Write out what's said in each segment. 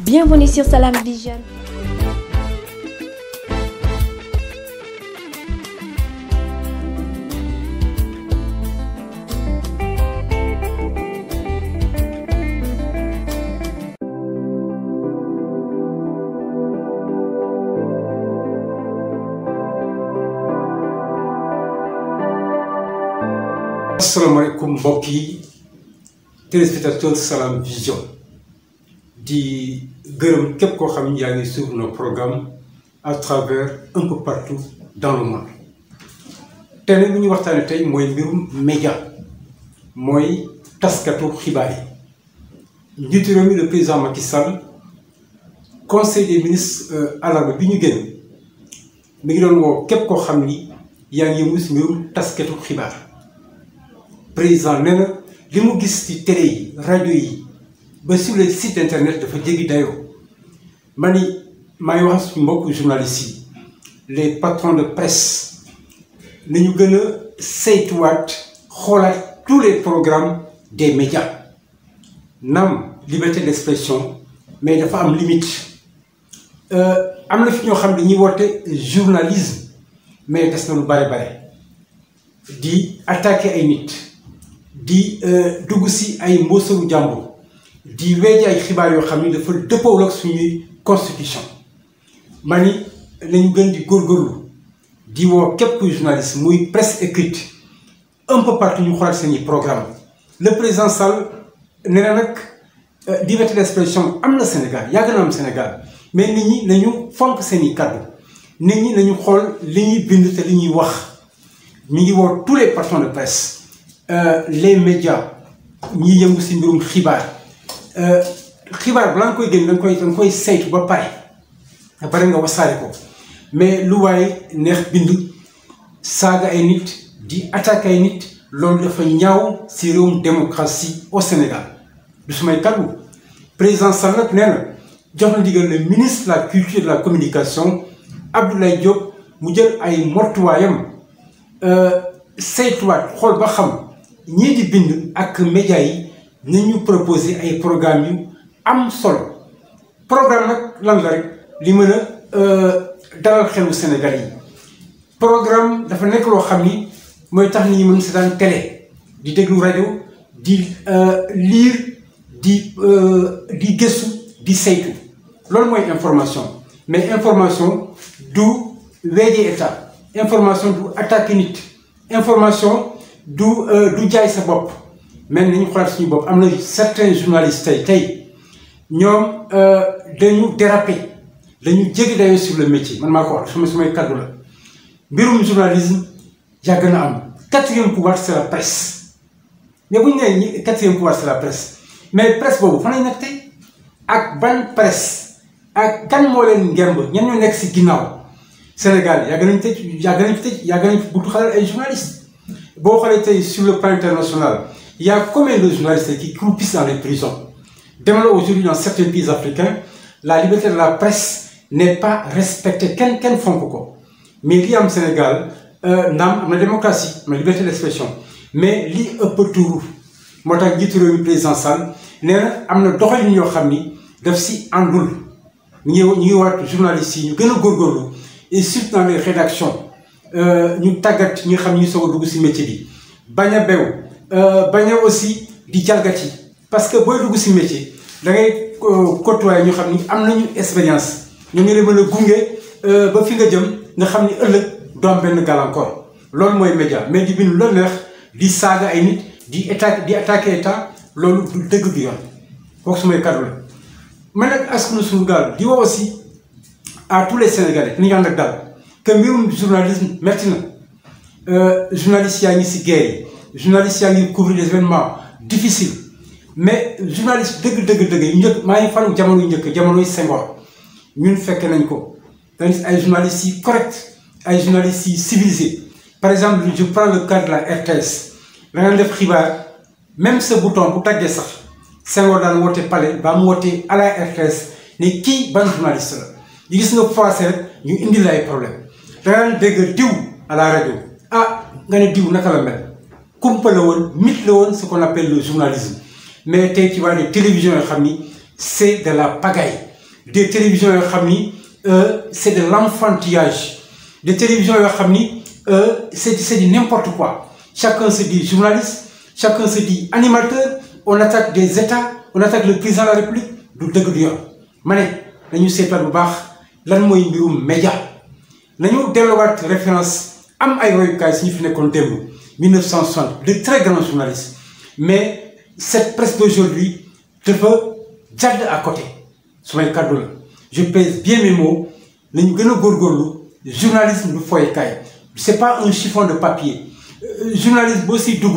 Bienvenue sur Salam Vision. asalaamaaleykum mbokk yi téléspectateurs Salam Vision. di gërëm képp koo xam ni yaa ngi suivre nos programmes à travers un peu partout dans le monde te ñu waxtaanee tey mooy mbirum média mooy taskatu xibaar yi njiitu réew mi le président Macky conseil des ministres alarba euh, bi ñu génn mi ngi doon woo képp koo xam ni yaa ngi yëngu si mbirum taskatu xibaar président nee na li mu gis ci télé yi rajo yi. ba sur les sites internet dafa jéggi dayoo ma ni may wax suñu mbokk journalistes yi les patrons de presse na ñu gën a saytuwaat xoolaat tous les programmes des médias naam liberté d'expression mais dafa am limite euh, am na fi ñoo xam ne ñuy woote journalisme mais des na lu bare bare di attaque ay nit di euh, dugg si ay mboosalu jàmbur di weddi ay xibaar yoo xam ni dafa dëppoowul ak suñuy constitution ma ni nañu gën di góor góorgóorlu di woo képp journaliste muy presse écrite un peu partout ñu xoolaat seeni programme le président Sall nee nag euh, liberté d'expression am na Sénégal yàgg na am Sénégal mais nit ñi nañu fonk seeni kàddu nit ñi nañu xool li ñuy bind te li ñuy wax mi ngi woo tous les patrons de presse euh, les médias ñi yëngu si mbirum xibaar Euh, xibaar balaa nga koy génn danga koy danga koy saytu ba pare ba pare nga wasaare ko mais lu waaye neex bind saaga ay nit di attaque ay nit loolu dafa ñaaw si réewum démocratie au Sénégal du sumay kàddu président Sall nag nee na jox na ndigal le ministre la culture de la communication Abdoulaye Diop mu jël ay mortuwaayam euh, saytuwaat xool ba xam ñii di bind ak média yi nañu proposer ay programme yu am solo programme nag lan la rek li mën a euh, dalal xelu Sénégal yi programme dafa nekk loo xam ni mooy tax ni ñi mën seetaan télé di déglu rajo di euh, lire di euh, di gëstu di saytu loolu mooy information mais information du weeje état information du attaque nit information du du jaay sa bopp mel ni ñu si suñu bopp am na certains journalistes tey tey ñoom euh, dañu déraper dañu jéggi dayoo sur le métier man maa ko wax sama sumay kaddu la mbirum journalisme yàgg na am quatrième pouvoir c'est la presse mais bu ñu nee ñi quatrième pouvoir c'est la presse mais presse boobu fan lañ nekk tey ak ban presse ak kan moo leen ngemb ñan ñoo nekk si ginnaaw Sénégal yàgg nañ tëj yàgg nañ fi tëj yàgg nañ fi buntu xalal ay journalistes boo xoolee tey sur le plan international Il comme a combien de journalistes qui croupissent dans les prisons Demandons aujourd'hui dans certains pays africains, la liberté de la presse n'est pas respectée. kenn quel fond pourquoi Mais il y a au Sénégal, euh, dans la démocratie, la liberté d'expression. Mais li ëpp tuuru moo tax njiitu réew mi président Sall nee am na doxalin yoo xam ni daf si àndul ñu ñu ngi waat journalistes yi ñu gën a góorgóorlu et surtout dans les rédactions euh, ñu tàggat ñi xam ñu soo a dugg si métier bi bañ a bew Euh, bañ a aussi di jalgati parce que booy dugg si métier da ngay euh, côtoyer ñoo xam ni am nañu expérience ñu ngi mën a gunge euh, ba fi nga jëm nga xam ni ëllëg doo benn gàllankoor loolu mooy média mais di bind lu di saaga ay nit di état di attaqué état loolu du dëgg du yoon kooku su may la man nag askanu suñu gaal di woo aussi à tous les sénégalais ni ñu ànd ak daal que mbirum journalisme na journaliste yaa ngi si guerre yi journaliste yaa ngi couvrir des événements mais journaliste dëgg dëgg dëgg yu njëkk maa ngi faru jamono yu njëkk jamono yu Senghor ñun fekke nañ ko dañu ay journalistes yi correct ay journalistes yi civilisés par exemple je prends le cas de la RTS da def xibaar même ce bouton bu taggee sax Senghor daan woote palais ba mu woote à la RTS ne kii ban journaliste la ñu gis nga froissé rek ñu indi la ay problème da nga dégg diw à la rajo ah nga ne diw naka la kumpa la woon mythe la woon ce qu'on appelle le journalisme mais tey ci wàllu télévision yoo xam ni c'est de la pagaille des télévisions yoo xam ni euh, c'est de l'enfantillage de télévisions yoo xam ni euh, c'est c'est du n'importe quoi chacun se dit journaliste chacun se dit animateur on attaque des états on attaque le président de la république du dëgg du yoon ma ne nañu seetal bu baax lan mooy mbirum média nañu delluwaat référence am ay royukaay suñu fi nekkoon démb 1960 de très grands journalistes mais cette presse d'aujourd'hui dafa jàdd à côté su may kàddu la je pèse bien mes mots nañu gën a góorgóorlu journalisme du foyekaay c'est pas un chiffon de papier euh, journalisme boo siy dugg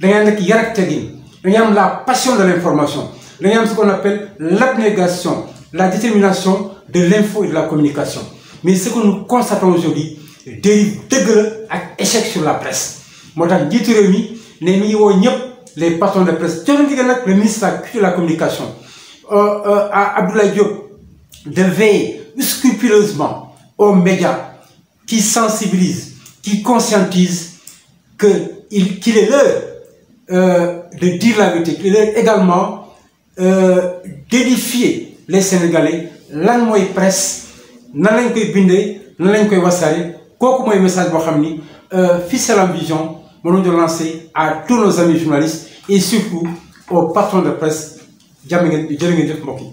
da ngay nekk yar ak tegin da ngay am la passion de l'information da ngay am ce qu'on appelle la détermination de l'info et de la communication mais ce que nous constatons aujourd'hui dérive dëgg ak échec sur la presse moo tax jiitu réew mi ne mi ngi woo ñëpp les patrons de presse joxe ndigal nag le ministre de la culture de la communication euh, euh, à Abdoulaye Diop de veiller scrupuleusement aux médias qui sensibilisent qui conscientisent que il qu'il est l'heure euh, de dire la vérité qu'il est l'heure également euh, les Sénégalais lan mooy presse nan lañ koy bindee nan lañ koy wasaare kooku moy message boo xam ni fi Salam Vision mon nom de lancer à tous nos amis journalistes et surtout au patron de presse jërë ngeen jëf mbokk yi